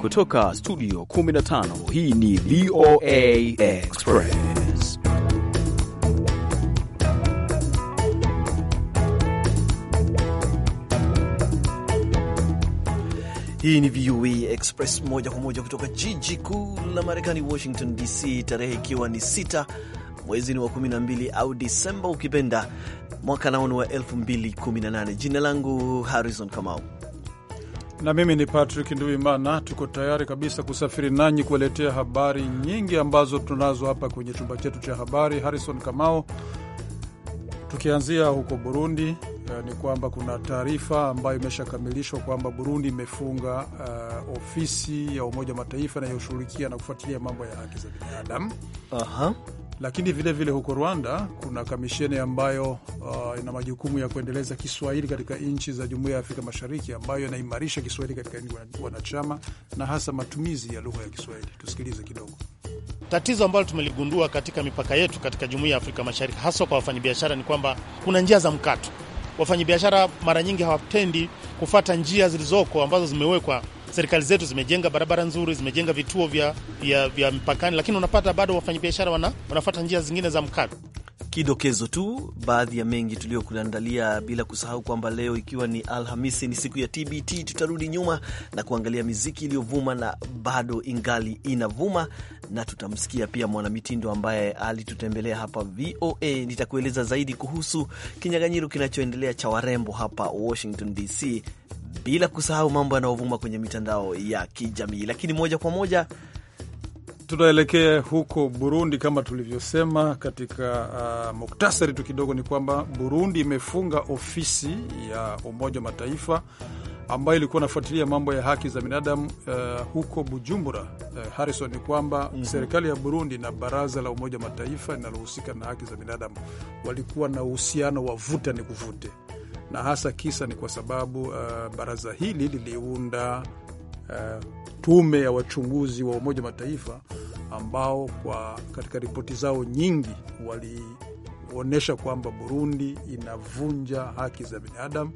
Kutoka studio 15 hii ni VOA Express. Hii ni VOA Express moja kwa moja kutoka jiji kuu la Marekani, Washington DC, tarehe ikiwa ni sita mwezi ni wa 12 au Disemba ukipenda mwaka naoni wa 2018. Jina langu Harrison Kamau na mimi ni Patrick Nduimana. Tuko tayari kabisa kusafiri nanyi kueletea habari nyingi ambazo tunazo hapa kwenye chumba chetu cha habari. Harrison Kamao, tukianzia huko Burundi eh, ni kwamba kuna taarifa ambayo imeshakamilishwa kwamba Burundi imefunga uh, ofisi ya Umoja Mataifa inayoshughulikia na kufuatilia mambo ya haki za binadamu. Lakini vilevile vile huko Rwanda kuna kamisheni ambayo uh, ina majukumu ya kuendeleza Kiswahili katika nchi za Jumuiya ya Afrika Mashariki, ambayo inaimarisha Kiswahili katika nchi wanachama na hasa matumizi ya lugha ya Kiswahili. Tusikilize kidogo. Tatizo ambalo tumeligundua katika mipaka yetu katika Jumuiya ya Afrika Mashariki, haswa kwa wafanyabiashara, ni kwamba kuna njia za mkato. Wafanyabiashara mara nyingi hawatendi kufata njia zilizoko ambazo zimewekwa serikali zetu zimejenga barabara nzuri, zimejenga vituo vya, vya, vya mpakani, lakini unapata bado wafanyabiashara wana, wanafata njia zingine za mkato. Kidokezo tu baadhi ya mengi tuliyokuandalia, bila kusahau kwamba leo ikiwa ni Alhamisi, ni siku ya TBT. Tutarudi nyuma na kuangalia miziki iliyovuma na bado ingali inavuma, na tutamsikia pia mwanamitindo ambaye alitutembelea hapa VOA. Nitakueleza zaidi kuhusu kinyaganyiro kinachoendelea cha warembo hapa Washington DC bila kusahau mambo yanayovuma kwenye mitandao ya kijamii. Lakini moja kwa moja tunaelekea huko Burundi kama tulivyosema katika uh, muktasari tu kidogo, ni kwamba Burundi imefunga ofisi ya Umoja wa Mataifa ambayo ilikuwa inafuatilia mambo ya haki za binadamu uh, huko Bujumbura. Uh, Harrison, ni kwamba mm -hmm. serikali ya Burundi na baraza la Umoja wa Mataifa linalohusika na haki za binadamu walikuwa na uhusiano wa vuta ni kuvute na hasa kisa ni kwa sababu uh, baraza hili liliunda uh, tume ya wachunguzi wa Umoja Mataifa ambao kwa katika ripoti zao nyingi walionyesha kwamba Burundi inavunja haki za binadamu,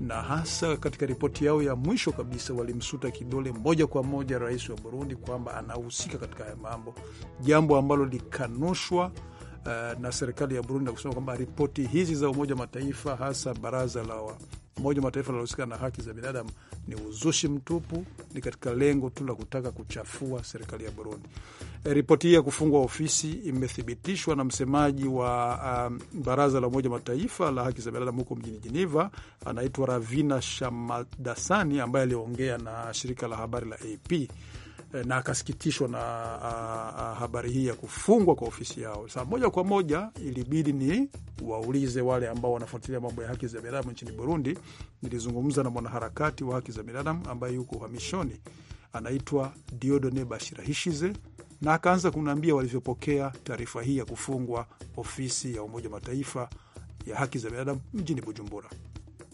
na hasa katika ripoti yao ya mwisho kabisa walimsuta kidole moja kwa moja rais wa Burundi kwamba anahusika katika haya mambo, jambo ambalo likanushwa uh, na serikali ya Burundi na kusema kwamba ripoti hizi za Umoja wa Mataifa hasa baraza la Umoja wa Mataifa linalohusika na haki za binadamu ni uzushi mtupu, ni katika lengo tu la kutaka kuchafua serikali ya Burundi. E, ripoti hii ya kufungwa ofisi imethibitishwa na msemaji wa um, baraza la Umoja wa Mataifa la haki za binadamu huko mjini Geneva, anaitwa Ravina Shamadasani ambaye aliongea na shirika la habari la AP. Eh, na akasikitishwa na a, a, habari hii ya kufungwa kwa ofisi yao. saa moja kwa moja ilibidi ni waulize wale ambao wanafuatilia mambo ya haki za binadamu nchini Burundi. Nilizungumza na mwanaharakati wa haki za binadamu ambaye yuko uhamishoni, anaitwa Diodone Bashirahishize, na akaanza kuniambia walivyopokea taarifa hii ya kufungwa ofisi ya Umoja wa Mataifa ya haki za binadamu mjini Bujumbura.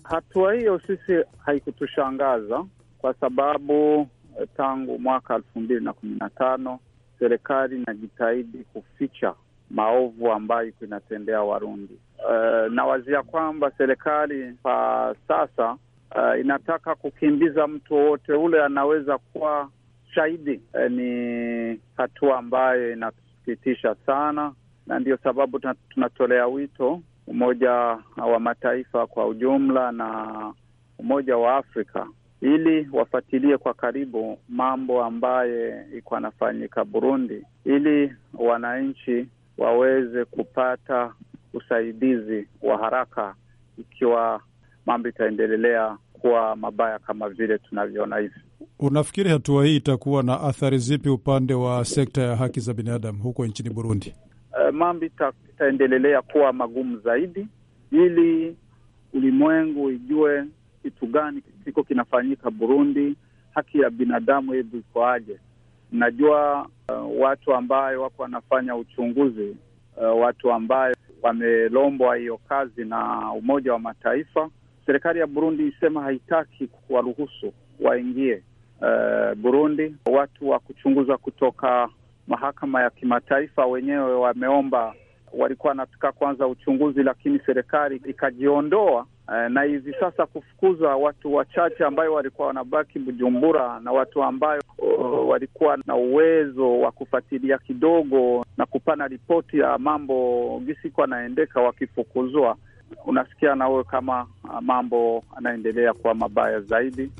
Hatua hiyo sisi haikutushangaza kwa sababu tangu mwaka elfu mbili na kumi na tano serikali inajitahidi kuficha maovu ambayo iko inatendea Warundi. Uh, nawazia kwamba serikali kwa sasa uh, inataka kukimbiza mtu wowote ule anaweza kuwa shahidi. Uh, ni hatua ambayo inasikitisha sana, na ndio sababu tunatolea wito Umoja wa Mataifa kwa ujumla na Umoja wa Afrika ili wafuatilie kwa karibu mambo ambaye iko anafanyika Burundi, ili wananchi waweze kupata usaidizi wa haraka ikiwa mambo itaendelea kuwa mabaya kama vile tunavyoona hivi. Unafikiri hatua hii itakuwa na athari zipi upande wa sekta ya haki za binadamu huko nchini Burundi? E, mambo itaendelelea kuwa magumu zaidi, ili ulimwengu ijue kitu gani kiko kinafanyika Burundi, haki ya binadamu hivi ikoaje? Najua uh, watu ambayo wako wanafanya uchunguzi uh, watu ambayo wamelombwa hiyo kazi na Umoja wa Mataifa. Serikali ya Burundi isema haitaki kuwaruhusu waingie uh, Burundi. Watu wa kuchunguza kutoka mahakama ya kimataifa wenyewe wameomba, walikuwa wanataka kwanza uchunguzi, lakini serikali ikajiondoa Eh, na hivi sasa kufukuza watu wachache ambayo walikuwa wanabaki Bujumbura na watu ambayo oh, walikuwa na uwezo wa kufuatilia kidogo na kupana ripoti ya mambo gisiko anaendeka, wakifukuzwa unasikia nawe kama ah, mambo anaendelea kuwa mabaya zaidi.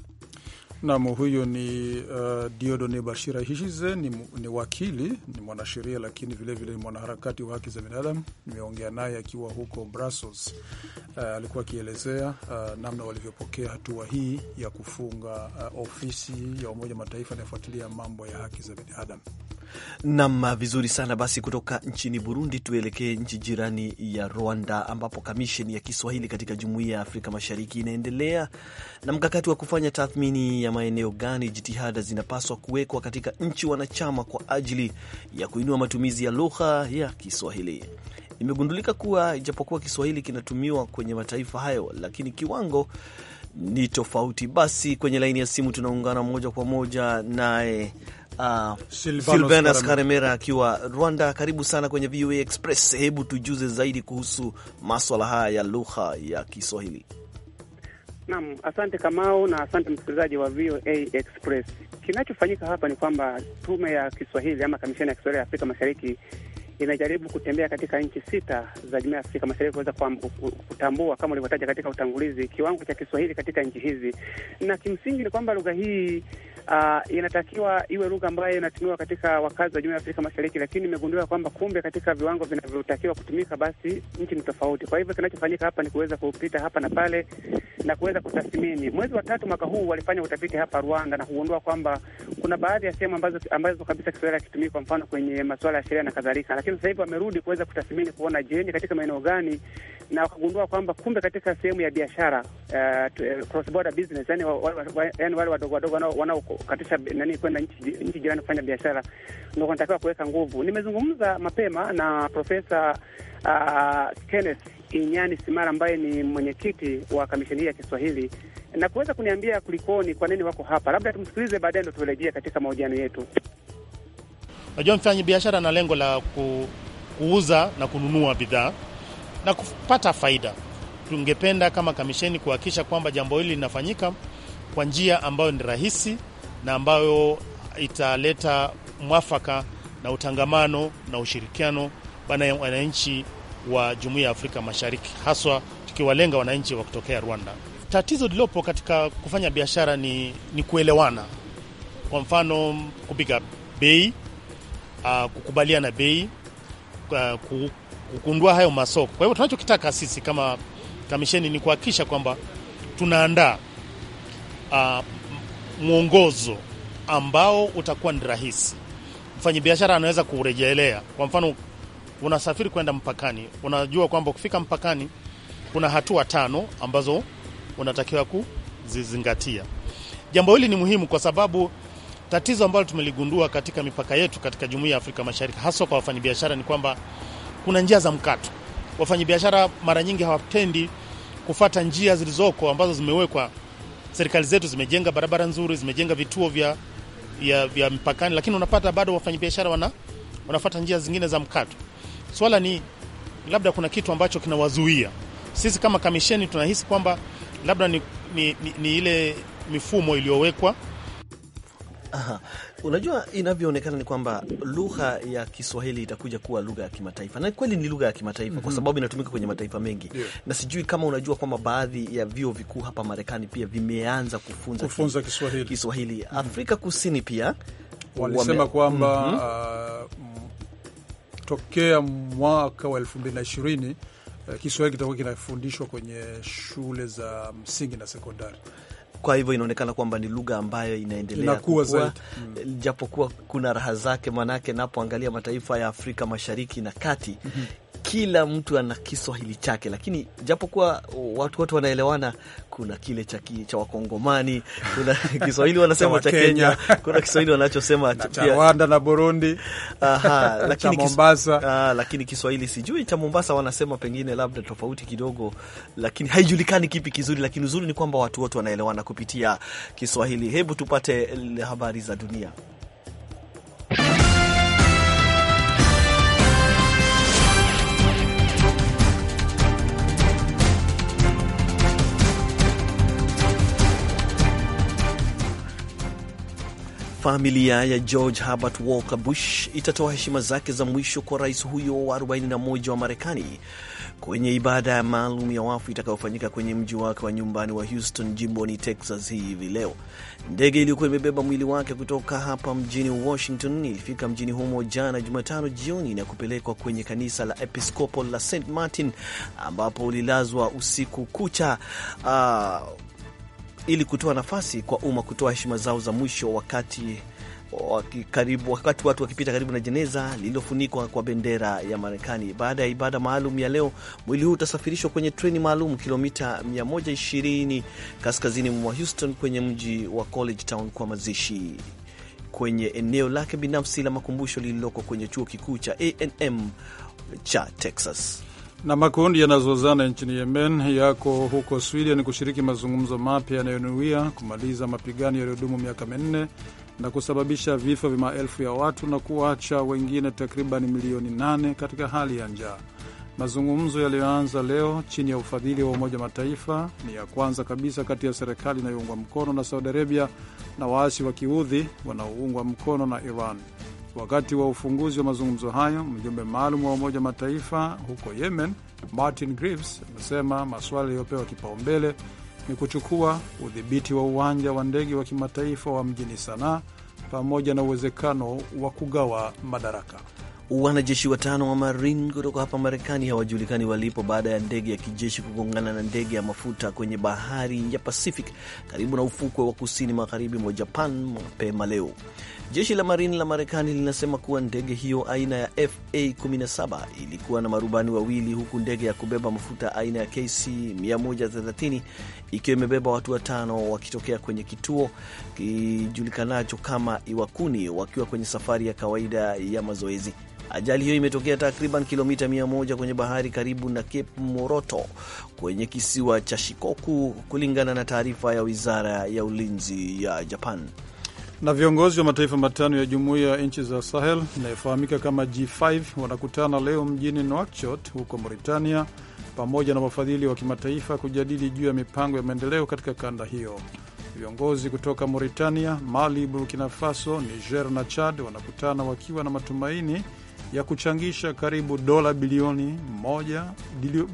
Nam, huyu ni uh, Diodone Bashira Hishize ni, ni wakili, ni mwanasheria lakini vilevile ni mwanaharakati wa haki za binadamu. Nimeongea naye akiwa huko Brussels. Uh, alikuwa akielezea uh, namna walivyopokea hatua hii ya kufunga uh, ofisi ya Umoja Mataifa inayofuatilia mambo ya haki za binadamu. Nam, uh, vizuri sana. Basi kutoka nchini Burundi tuelekee nchi jirani ya Rwanda, ambapo kamisheni ya Kiswahili katika Jumuiya ya Afrika Mashariki inaendelea na mkakati wa kufanya tathmini ya ya maeneo gani jitihada zinapaswa kuwekwa katika nchi wanachama kwa ajili ya kuinua matumizi ya lugha ya Kiswahili. Imegundulika kuwa ijapokuwa Kiswahili kinatumiwa kwenye mataifa hayo, lakini kiwango ni tofauti. Basi kwenye laini ya simu tunaungana moja kwa moja naye uh, Silvanus Karemera akiwa Rwanda. Karibu sana kwenye VOA Express. Hebu tujuze zaidi kuhusu maswala haya ya lugha ya Kiswahili. Naam, asante Kamau na asante msikilizaji wa VOA Express. Kinachofanyika hapa ni kwamba tume ya Kiswahili ama kamisheni ya Kiswahili ya Afrika Mashariki inajaribu kutembea katika nchi sita za jumuiya ya Afrika Mashariki kuweza kutambua kama ulivyotaja katika utangulizi, kiwango cha Kiswahili katika nchi hizi, na kimsingi ni kwamba lugha hii uh, inatakiwa iwe lugha ambayo inatumiwa katika wakazi wa jumuiya ya Afrika Mashariki, lakini imegundua kwamba kumbe katika viwango vinavyotakiwa kutumika basi nchi ni tofauti. Kwa hivyo kinachofanyika hapa ni kuweza kupita hapa na pale na kuweza kutathmini. Mwezi wa tatu mwaka huu walifanya utafiti hapa Rwanda na kugundua kwamba kuna baadhi ya sehemu ambazo, ambazo kabisa Kiswahili hakitumiki, kwa mfano kwenye masuala ya sheria na kadhalika, lakini sasa hivi wamerudi kuweza kutathmini kuona je, ni katika maeneo gani, na wakagundua kwamba kumbe katika sehemu ya biashara uh, eh, cross border business, yani wale wadogo wadogo wanao katisha nani kwenda nchi, jirani kufanya biashara, ndio kunatakiwa kuweka nguvu. Nimezungumza mapema na Profesa uh, Kenneth Inyani Simara ambaye ni mwenyekiti wa kamisheni hii ya Kiswahili na kuweza kuniambia kulikoni, kwa nini wako hapa. Labda tumsikilize, baadaye ndo turejee katika mahojiano yetu. Najua mfanya biashara na lengo la ku, kuuza na kununua bidhaa na kupata faida. Tungependa kama kamisheni kuhakikisha kwamba jambo hili linafanyika kwa njia ambayo ni rahisi na ambayo italeta mwafaka na utangamano na ushirikiano baina ya wananchi wa Jumuiya ya Afrika Mashariki, haswa tukiwalenga wananchi wa kutokea Rwanda. Tatizo lililopo katika kufanya biashara ni, ni kuelewana. Kwa mfano kupiga bei, ah, kukubaliana bei, ah, kugundua hayo masoko. Kwa hivyo tunachokitaka sisi kama kamisheni ni kuhakikisha kwamba tunaandaa ah, mwongozo ambao utakuwa ni rahisi, mfanyabiashara anaweza kurejelea. Kwa mfano, unasafiri kwenda mpakani, unajua kwamba ukifika mpakani kuna hatua tano ambazo unatakiwa kuzizingatia. Jambo hili ni muhimu kwa sababu tatizo ambalo tumeligundua katika mipaka yetu katika Jumuiya ya Afrika Mashariki, haswa kwa wafanyabiashara, ni kwamba kuna njia za mkato. Wafanyabiashara mara nyingi hawatendi kufata njia zilizoko ambazo zimewekwa serikali zetu zimejenga barabara nzuri, zimejenga vituo vya, vya, vya mpakani, lakini unapata bado wafanyabiashara wana, wanafata njia zingine za mkato. Swala ni labda kuna kitu ambacho kinawazuia. Sisi kama kamisheni tunahisi kwamba labda ni, ni, ni, ni ile mifumo iliyowekwa. Unajua, inavyoonekana ni kwamba lugha ya Kiswahili itakuja kuwa lugha ya kimataifa, na kweli ni lugha ya kimataifa mm -hmm. kwa mhm. sababu inatumika kwenye mataifa mengi yeah. na sijui kama unajua kwamba baadhi ya vyuo vikuu hapa Marekani pia vimeanza kufunza, kufunza Kiswahili, Kiswahili. Mm -hmm. Afrika Kusini pia walisema kwamba mm -hmm. uh, tokea mwaka wa 2020 uh, Kiswahili kitakuwa kinafundishwa kwenye shule za msingi na sekondari. Kwa hivyo inaonekana kwamba ni lugha ambayo inaendelea kukua mm. japokuwa kuna raha zake, manake napoangalia mataifa ya Afrika Mashariki na Kati mm -hmm kila mtu ana Kiswahili chake, lakini japokuwa watu wote wanaelewana, kuna kile cha cha Wakongomani, kuna Kiswahili wanasema cha Kenya, kuna Kiswahili wanachosema cha Rwanda na Burundi, aha, lakini Mombasa, ah, lakini Kiswahili sijui cha Mombasa wanasema pengine labda tofauti kidogo, lakini haijulikani kipi kizuri, lakini uzuri ni kwamba watu wote wanaelewana kupitia Kiswahili. Hebu tupate habari za dunia. Familia ya George Herbert Walker Bush itatoa heshima zake za mwisho kwa rais huyo wa 41 wa Marekani kwenye ibada ya maalum ya wafu itakayofanyika kwenye mji wake wa nyumbani wa Houston jimboni Texas hivi leo. Ndege iliyokuwa imebeba mwili wake kutoka hapa mjini Washington ilifika mjini humo jana Jumatano jioni na kupelekwa kwenye kanisa la Episcopal la St Martin ambapo ulilazwa usiku kucha uh, ili kutoa nafasi kwa umma kutoa heshima zao za mwisho wakati wakikaribu, wakati watu wakipita karibu na jeneza lililofunikwa kwa bendera ya Marekani. Baada ya ibada maalum ya leo, mwili huu utasafirishwa kwenye treni maalum kilomita 120 kaskazini mwa Houston kwenye mji wa College Town kwa mazishi kwenye eneo lake binafsi la makumbusho lililoko kwenye chuo kikuu cha A&M cha Texas. Na makundi yanazozana nchini Yemen yako huko Sweden kushiriki mazungumzo mapya yanayonuia kumaliza mapigano yaliyodumu miaka minne na kusababisha vifo vya maelfu ya watu na kuacha wengine takriban milioni nane katika hali ya njaa. Mazungumzo yaliyoanza leo chini ya ufadhili wa Umoja Mataifa ni ya kwanza kabisa kati ya serikali inayoungwa mkono na Saudi Arabia na waasi wa Kiudhi wanaoungwa mkono na Iran. Wakati wa ufunguzi wa mazungumzo hayo, mjumbe maalum wa Umoja Mataifa huko Yemen, Martin Griffiths, amesema masuala yaliyopewa kipaumbele ni kuchukua udhibiti wa uwanja wa ndege wa kimataifa wa mjini Sanaa pamoja na uwezekano wa kugawa madaraka. Wanajeshi watano wa Marine kutoka hapa Marekani hawajulikani walipo baada ya ndege ya kijeshi kugongana na ndege ya mafuta kwenye bahari ya Pacific karibu na ufukwe wa kusini magharibi mwa Japan mapema leo. Jeshi la Marine la Marekani linasema kuwa ndege hiyo aina ya FA17 ilikuwa na marubani wawili, huku ndege ya kubeba mafuta aina ya KC 130 ikiwa imebeba watu watano wakitokea kwenye kituo kijulikanacho kama Iwakuni wakiwa kwenye safari ya kawaida ya mazoezi. Ajali hiyo imetokea takriban kilomita 1 kwenye bahari karibu na Cape Moroto kwenye kisiwa cha Shikoku, kulingana na taarifa ya wizara ya ulinzi ya Japan. Na viongozi wa mataifa matano ya jumuiya ya nchi za Sahel inayofahamika kama G5 wanakutana leo mjini Nouakchott huko Mauritania pamoja na wafadhili wa kimataifa kujadili juu ya mipango ya maendeleo katika kanda hiyo. Viongozi kutoka Mauritania, Mali, Burkina Faso, Niger na Chad wanakutana wakiwa na matumaini ya kuchangisha karibu dola bilioni moja,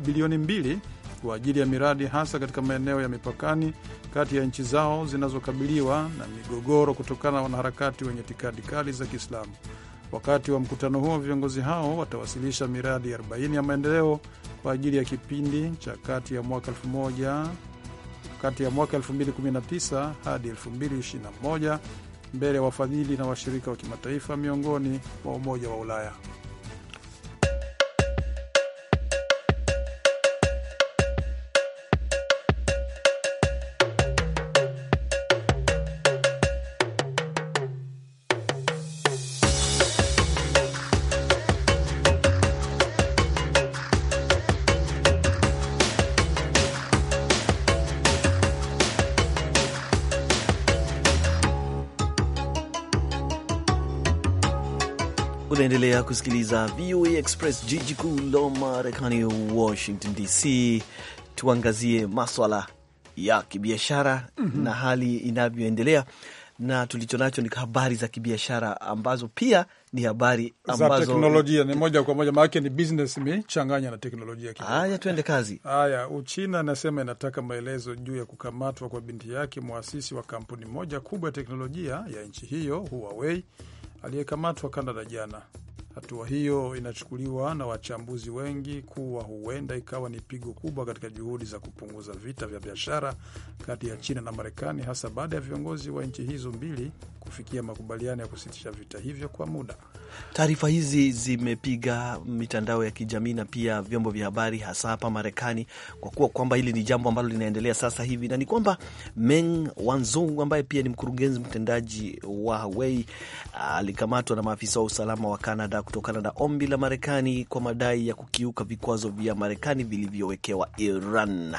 bilioni mbili kwa ajili ya miradi hasa katika maeneo ya mipakani kati ya nchi zao zinazokabiliwa na migogoro kutokana na wanaharakati wenye itikadi kali za Kiislamu. Wakati wa mkutano huo, viongozi hao watawasilisha miradi 40 ya maendeleo kwa ajili ya kipindi cha kati ya mwaka 1 kati ya mwaka 2019 hadi 2021 mbele ya wafadhili na washirika wa kimataifa miongoni mwa Umoja wa Ulaya. Unaendelea kusikiliza VOA Express, jiji kuu la Marekani, Washington DC. Tuangazie maswala ya kibiashara mm -hmm. na hali inavyoendelea na tulicho nacho ni habari za kibiashara ambazo pia ni habari ambazo za teknolojia. Ni moja kwa moja, maanake ni business imechanganya na teknolojia. Haya, tuende kazi. Haya, Uchina anasema inataka maelezo juu ya kukamatwa kwa binti yake, mwasisi wa kampuni moja kubwa ya teknolojia ya nchi hiyo Huawei, aliyekamatwa Kanada jana. Hatua hiyo inachukuliwa na wachambuzi wengi kuwa huenda ikawa ni pigo kubwa katika juhudi za kupunguza vita vya biashara kati ya China na Marekani, hasa baada ya viongozi wa nchi hizo mbili kufikia makubaliano ya kusitisha vita hivyo kwa muda. Taarifa hizi zimepiga mitandao ya kijamii na pia vyombo vya habari hasa hapa Marekani, kwa kuwa kwamba hili ni jambo ambalo linaendelea sasa hivi, na ni kwamba Meng Wanzhou ambaye pia ni mkurugenzi mtendaji wa Huawei alikamatwa na maafisa wa usalama wa Canada kutokana na ombi la Marekani kwa madai ya kukiuka vikwazo vya Marekani vilivyowekewa Iran.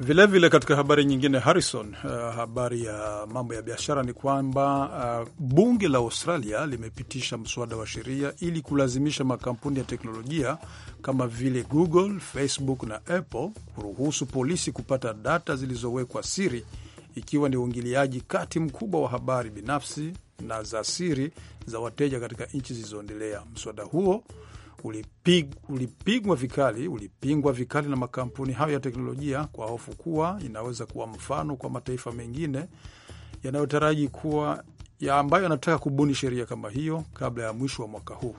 Vilevile vile katika habari nyingine Harrison, uh, habari ya mambo ya biashara ni kwamba uh, bunge la Australia limepitisha mswada wa sheria ili kulazimisha makampuni ya teknolojia kama vile Google, Facebook na Apple kuruhusu polisi kupata data zilizowekwa siri, ikiwa ni uingiliaji kati mkubwa wa habari binafsi na za siri za wateja katika nchi zilizoendelea. Mswada huo ulipig, ulipigwa vikali ulipingwa vikali na makampuni hayo ya teknolojia kwa hofu kuwa inaweza kuwa mfano kwa mataifa mengine yanayotaraji kuwa ya ambayo yanataka kubuni sheria kama hiyo kabla ya mwisho wa mwaka huu.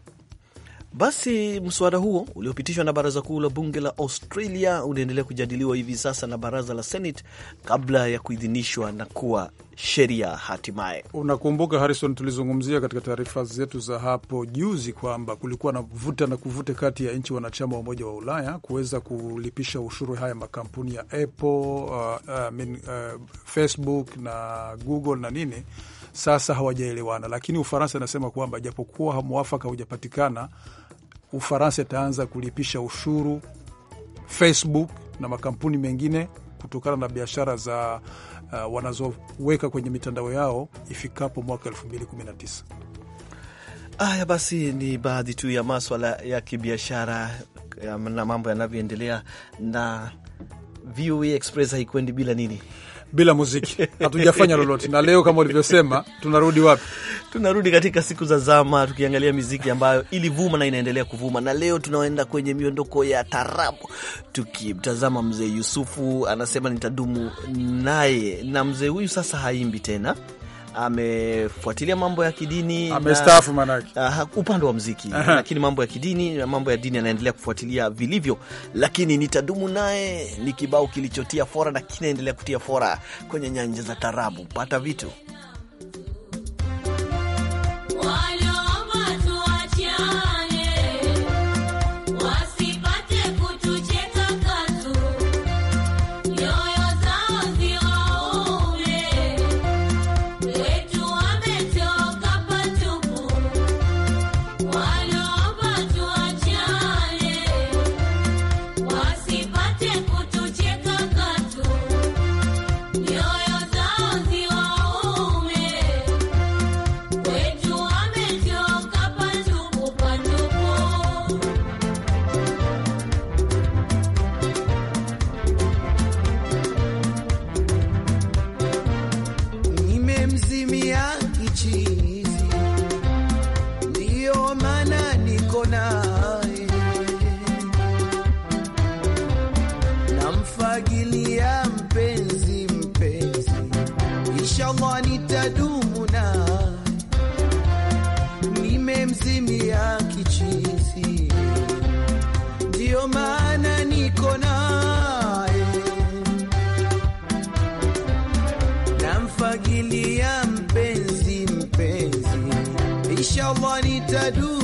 Basi mswada huo uliopitishwa na baraza kuu la bunge la Australia unaendelea kujadiliwa hivi sasa na baraza la Senate kabla ya kuidhinishwa na kuwa sheria hatimaye. Unakumbuka Harrison, tulizungumzia katika taarifa zetu za hapo juzi kwamba kulikuwa na vuta na kuvute kati ya nchi wanachama wa Umoja wa Ulaya kuweza kulipisha ushuru haya makampuni ya Apple, uh, uh, min, uh, Facebook na Google na nini sasa hawajaelewana, lakini Ufaransa inasema kwamba japokuwa mwafaka hujapatikana, Ufaransa itaanza kulipisha ushuru Facebook na makampuni mengine kutokana na biashara za uh, wanazoweka kwenye mitandao yao ifikapo mwaka 2019. Haya basi, ni baadhi tu ya maswala ya kibiashara um, na mambo yanavyoendelea na VOA e Express haikwendi bila nini bila muziki hatujafanya lolote. Na leo kama ulivyosema, tunarudi wapi? Tunarudi katika siku za zama, tukiangalia miziki ambayo ilivuma na inaendelea kuvuma, na leo tunaenda kwenye miondoko ya tarabu, tukimtazama mzee Yusufu anasema nitadumu naye. Na mzee huyu sasa haimbi tena amefuatilia mambo ya kidini, amestaafu manake, uh, upande wa mziki lakini mambo ya kidini, mambo ya dini anaendelea kufuatilia vilivyo, lakini nitadumu naye ni kibao kilichotia fora na kinaendelea kutia fora kwenye nyanja za tarabu. Pata vitu mzimi ya kichizi, ndiyo maana niko naye, namfagilia mpenzi mpenzi, inshallah nitadu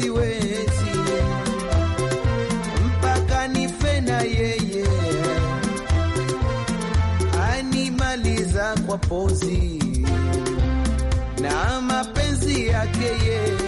siwezi mpaka nife na yeye animaliza kwa pozi na mapenzi yake yeye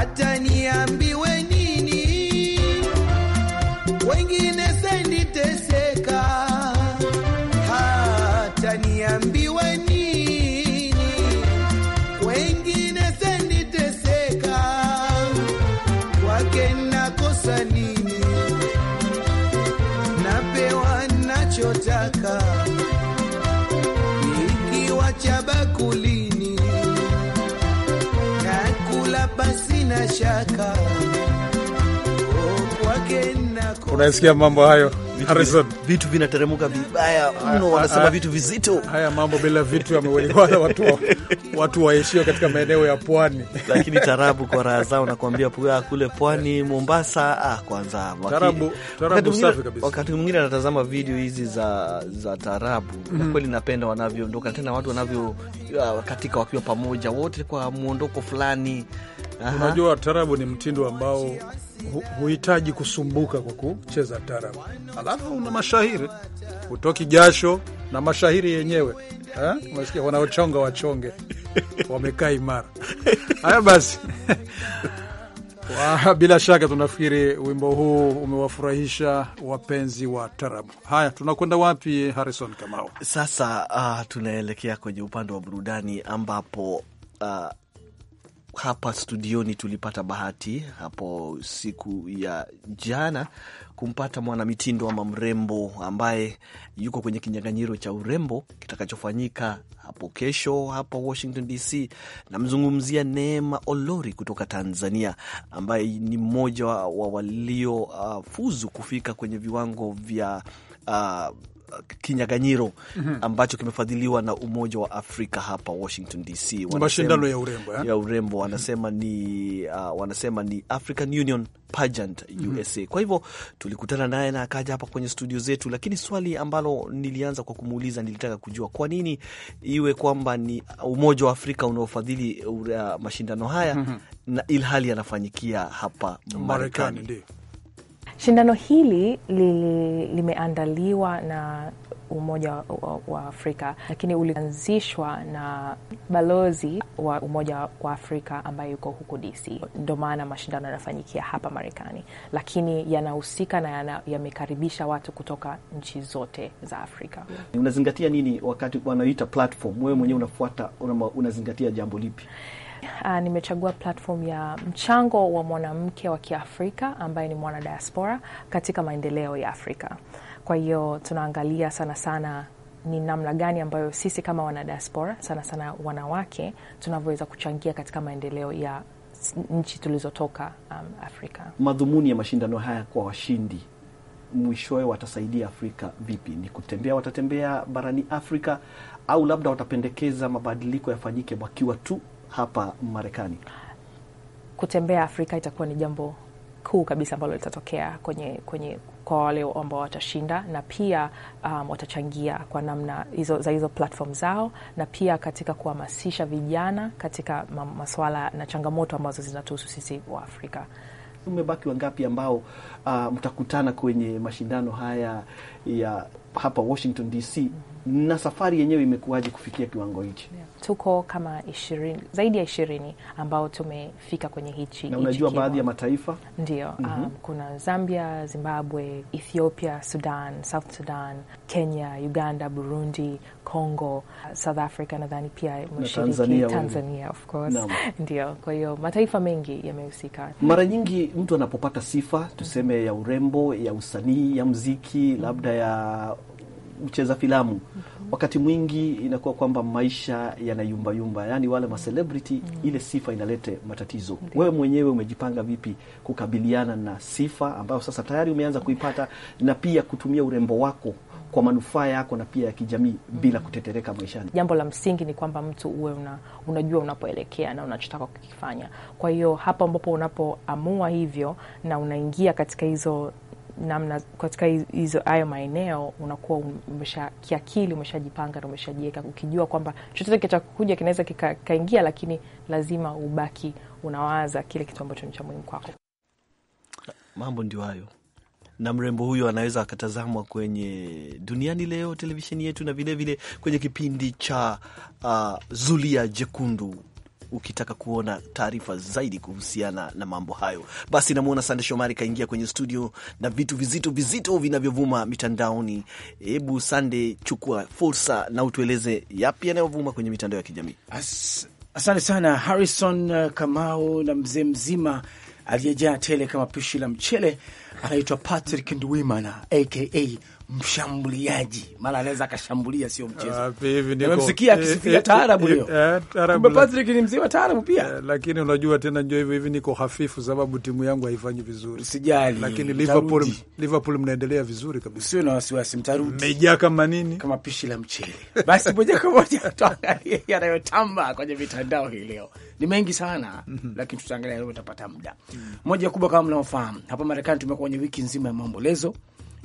hata niambiwe nini wengine Oh, Unasikia mambo hayo, Harrison, vitu vinateremka vibaya mno, wanasema vitu vizito. Haya mambo bila vitu yamewelewana watu wa, watu waishio katika maeneo ya pwani, lakini tarabu kwa raha zao nakuambia, ah, kule pwani Mombasa. Ah, kwanza tarabu, tarabu safi kabisa. Wakati mwingine anatazama video hizi za za tarabu mm -hmm. Kweli napenda wanavyoondoka tena, watu wanavyo ah, katika wakiwa pamoja wote kwa muondoko fulani Unajua, tarabu ni mtindo ambao hu huhitaji kusumbuka kwa kucheza tarabu, alafu una mashahiri hutoki jasho na mashahiri yenyewe unasikia wanaochonga wachonge wamekaa imara. Haya basi wa, bila shaka tunafikiri wimbo huu umewafurahisha wapenzi wa tarabu. Haya, tunakwenda wapi Harrison Kamau? Sasa uh, tunaelekea kwenye upande wa burudani ambapo uh, hapa studioni tulipata bahati hapo siku ya jana kumpata mwanamitindo ama mrembo ambaye yuko kwenye kinyang'anyiro cha urembo kitakachofanyika hapo kesho hapa Washington DC. Namzungumzia Neema Olori kutoka Tanzania, ambaye ni mmoja wa waliofuzu uh, kufika kwenye viwango vya uh, kinyaganyiro mhm. ambacho kimefadhiliwa na Umoja wa Afrika hapa Washington DC, mashindano ya urembo eh? ya urembo wanasema ni, uh, wanasema ni African Union Pageant mhm. USA. Kwa hivyo tulikutana naye na akaja hapa kwenye studio zetu, lakini swali ambalo nilianza kwa kumuuliza, nilitaka kujua kwa nini iwe kwamba ni Umoja wa Afrika unaofadhili uh, mashindano haya mhm. na ilhali yanafanyikia hapa Marekani. Shindano hili li, limeandaliwa na Umoja wa Afrika lakini ulianzishwa na balozi wa Umoja wa Afrika ambaye yuko huku DC. ndo maana mashindano yanafanyikia hapa Marekani, lakini yanahusika na yamekaribisha watu kutoka nchi zote za Afrika. Unazingatia nini wakati wanaita platform? Wewe mwenyewe unafuata, unazingatia jambo lipi? Uh, nimechagua platform ya mchango wa mwanamke wa Kiafrika ambaye ni mwana diaspora katika maendeleo ya Afrika. Kwa hiyo tunaangalia sana sana ni namna gani ambayo sisi kama diaspora sana sana wanawake tunavyoweza kuchangia katika maendeleo ya nchi tulizotoka um, Afrika. Madhumuni ya mashindano haya kwa washindi mwishowe watasaidia Afrika vipi? Ni kutembea, watatembea barani Afrika au labda watapendekeza mabadiliko yafanyike wakiwa tu hapa Marekani. Kutembea Afrika itakuwa ni jambo kuu kabisa ambalo litatokea kwenye, kwenye kwa wale ambao watashinda na pia um, watachangia kwa namna hizo, za hizo platform zao na pia katika kuhamasisha vijana katika masuala na changamoto ambazo zinatuhusu sisi wa Afrika. Umebaki wangapi ambao uh, mtakutana kwenye mashindano haya ya hapa Washington DC na safari yenyewe imekuwaje kufikia kiwango hichi? Yeah. Tuko kama ishirini, zaidi ya ishirini ambao tumefika kwenye hichi. Na unajua baadhi ya mataifa ndio, mm -hmm. um, mhm. kuna Zambia, Zimbabwe, Ethiopia, Sudan, South Sudan, Kenya, Uganda, Burundi, Congo, South Africa nadhani pia mshiriki Tanzania, Tanzania of course ndio. Kwa hiyo mataifa mengi yamehusika. Mara nyingi mtu anapopata sifa tuseme ya urembo, ya usanii, ya mziki, labda mashirika ya mcheza filamu mm -hmm. Wakati mwingi inakuwa kwamba maisha yanayumbayumba, yaani wale macelebrity mm -hmm. ile sifa inalete matatizo mm -hmm. Wewe mwenyewe umejipanga vipi kukabiliana na sifa ambayo sasa tayari umeanza kuipata na pia kutumia urembo wako kwa manufaa yako na pia ya kijamii bila mm. kutetereka maishani. Jambo la msingi ni kwamba mtu uwe una, unajua unapoelekea na unachotaka kukifanya. Kwa hiyo hapo ambapo unapoamua hivyo na unaingia katika hizo namna katika hizo hayo maeneo unakuwa um-, umesha kiakili umeshajipanga na umeshajiweka ukijua kwamba chochote kitakuja kinaweza kikaingia, lakini lazima ubaki unawaza kile kitu ambacho ni cha muhimu kwako. Mambo ndio hayo, na mrembo huyo anaweza akatazamwa kwenye Duniani Leo televisheni yetu na vilevile kwenye kipindi cha uh, Zulia Jekundu ukitaka kuona taarifa zaidi kuhusiana na mambo hayo. Basi namwona Sande Shomari kaingia kwenye studio na vitu vizito vizito vinavyovuma mitandaoni. Hebu Sande, chukua fursa na utueleze yapi yanayovuma kwenye mitandao ya kijamii. As, asante sana Harrison eh, Kamau na mzee mzima aliyejaa tele kama pishi la mchele anaitwa Patrick Ndwimana aka mshambuliaji, maana anaweza akashambulia, sio mchezo. Ah, Nimemsikia akisifia eh, eh, eh, taarabu Kumbe Patrick ni mzee wa taarabu pia. lakini unajua tena ndio hivyo hivi, niko hafifu sababu timu yangu haifanyi vizuri. Sijali, lakini Liverpool, Liverpool mnaendelea vizuri kabisa, sio na wasiwasi, mtarudi mejaa kama nini, kama pishi la mchele. Basi moja kwa moja tuangalie yanayotamba kwenye mitandao hii leo. Ni mengi sana mhm. Lakini tutaangalia leo, utapata muda Moja kubwa kama mnaofahamu, hapa Marekani tumekuwa kwenye wiki nzima ya maombolezo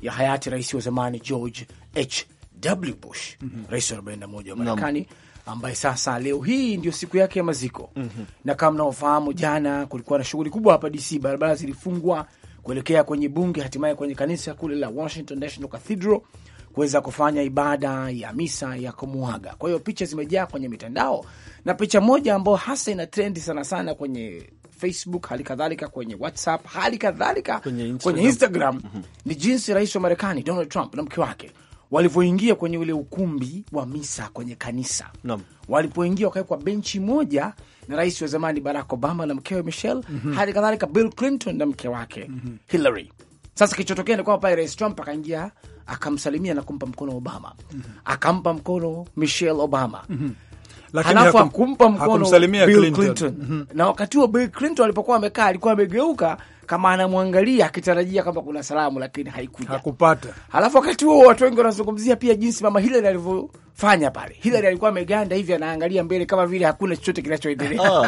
ya hayati rais wa zamani George H W Bush, mm -hmm. rais wa 41 wa Marekani no ambaye sasa leo hii ndio siku yake ya maziko. mm -hmm. Na kama mnaofahamu, jana kulikuwa na shughuli kubwa hapa DC, barabara zilifungwa kuelekea kwenye bunge, hatimaye kwenye kanisa kule la Washington National Cathedral kuweza kufanya ibada ya misa ya kumuaga. Kwa hiyo picha zimejaa kwenye mitandao, na picha moja ambayo hasa ina trendi sana sana kwenye Facebook, hali kadhalika kwenye WhatsApp, hali kadhalika kwenye Instagram, kwenye Instagram mm -hmm. ni jinsi rais wa Marekani Donald Trump na mke wake walivyoingia kwenye ule ukumbi wa misa kwenye kanisa no. Walipoingia wakawekwa benchi moja na rais wa zamani Barack Obama na mkewe Michelle mm -hmm. hali kadhalika Bill Clinton na mke wake mm -hmm. Hillary. Sasa kilichotokea ni kwamba pale rais Trump akaingia akamsalimia na kumpa mkono Obama, mm -hmm. akampa mkono Michelle Obama, mm -hmm lakini halafu hakumpa mkono Bill Clinton, Clinton. Mm -hmm. Na wakati huo Bill Clinton alipokuwa amekaa alikuwa amegeuka kama anamwangalia akitarajia kwamba kuna salamu, lakini haikuja, hakupata. Halafu wakati huo watu wengi wanazungumzia pia jinsi mama Hillary fanya pale. Hillary alikuwa ameganda hivi, anaangalia mbele kama vile hakuna chochote kinachoendelea oh.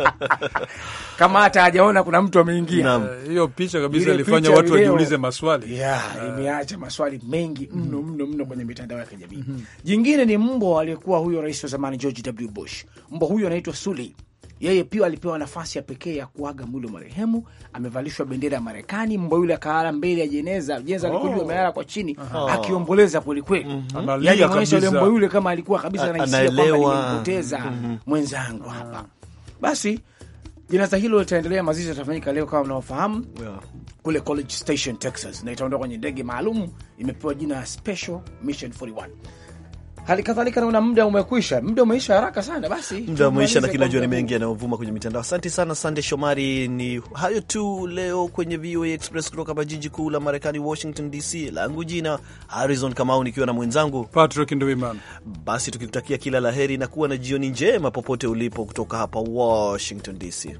kama hata hajaona kuna mtu ameingia. Eh, hiyo picha kabisa ilifanya watu wajiulize maswali yeah, imeacha maswali mengi mno mm-hmm. mno mno kwenye mitandao ya kijamii mm -hmm. Jingine ni mbwa aliyekuwa huyo rais wa zamani George W Bush, mbwa huyo anaitwa Sully. Yeye pia alipewa nafasi ya pekee ya kuaga mwili wa marehemu. Amevalishwa bendera ya Marekani, mbwa yule akaala mbele ya jeneza, jeneza alikuwa oh, amelala kwa chini uh -huh, akiomboleza kwelikweli mm -hmm. Yaani anaonyesha yule mbwa yule kama alikuwa kabisa na hisia kwamba nimempoteza mm -hmm. mwenzangu hapa ah. Basi jeneza hilo litaendelea, mazishi yatafanyika leo kama mnaofahamu, yeah kule College Station, Texas, na itaondoka kwenye ndege maalum imepewa jina ya Special Mission 41. Hali kadhalika naona muda umekwisha, muda umeisha haraka sana. Basi muda umeisha, lakini najua ni mengi yanayovuma kwenye mitandao. Asante sana Sande Shomari. Ni hayo tu leo kwenye VOA Express kutoka hapa jiji kuu la Marekani, Washington DC. Langu jina Harrison Kamau, nikiwa na mwenzangu Patrick Ndwiman, Basi tukikutakia kila la heri na kuwa na jioni njema popote ulipo, kutoka hapa Washington DC.